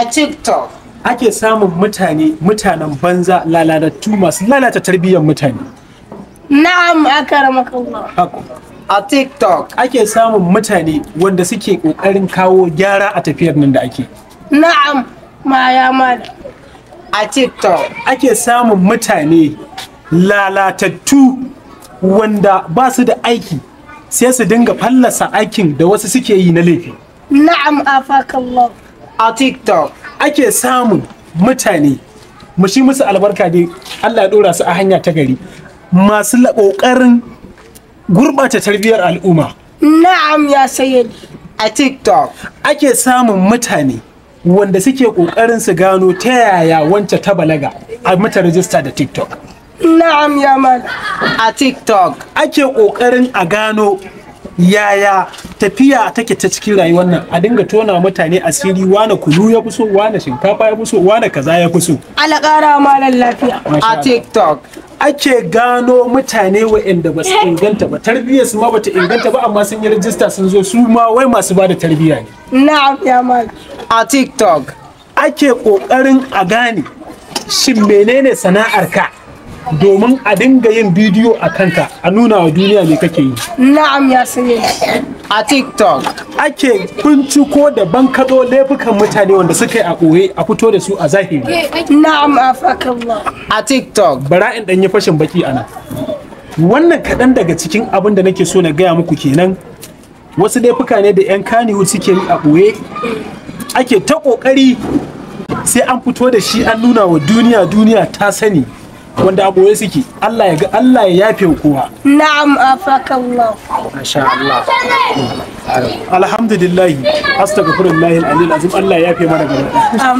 a tiktok ake samun mutane mutanen banza lalatattu masu lalata tarbiyyar mutane na'am akaramakallah a tiktok ake samun mutane wanda suke ƙoƙarin kawo gyara a tafiyar nan da ake na'am maya mada. a tiktok ake samun mutane lalatattu wanda ba su da aiki sai su dinga fallasa aikin da wasu suke yi na laifi na'am afakallah a tiktok ake samun mutane mu shi musu albarka dai allah ya dora su a hanya ta gari masu ƙoƙarin gurɓata tarbiyar al'umma na'am ya sayi a tiktok ake samun mutane wanda suke ƙoƙarin su gano ta yaya wancan ta balaga a mata rajista da tiktok na'am ya a tiktok ake ƙoƙarin a gano yaya tafiya take ta cikin rayuwar nan a dinga tona mutane asiri wane kunu ya fuso wane shinkafa ya fuso wane kaza ya fuso alƙara malam lafiya a tiktok ake gano mutane waɗanda ba su inganta ba tarbiyyar su ma bata inganta ba amma sun yi rajista sun zo su ma wai masu ba da tarbiyya ne na'am ya mal a tiktok ake ƙoƙarin a gane shin menene sana'arka domin a dinga yin bidiyo a kanka a nuna wa duniya ne kake yi na'am ya sanya a tiktok ake binciko da bankaɗo laifukan mutane wanda suka yi a ɓoye a fito da su a zahiri na'am afakallah a tiktok bara in yi fashin baki ana wannan kaɗan daga cikin abin da nake so na gaya muku kenan wasu laifuka ne da 'yan kanihu suke yi a ɓoye ake ta ƙoƙari sai an fito da shi an nuna wa duniya duniya ta sani wanda aboye suke Allah ya ga Allah ya yafe kowa na'am afakallah masha Allah alhamdulillah astaghfirullah alil azim Allah ya yafe mana gaba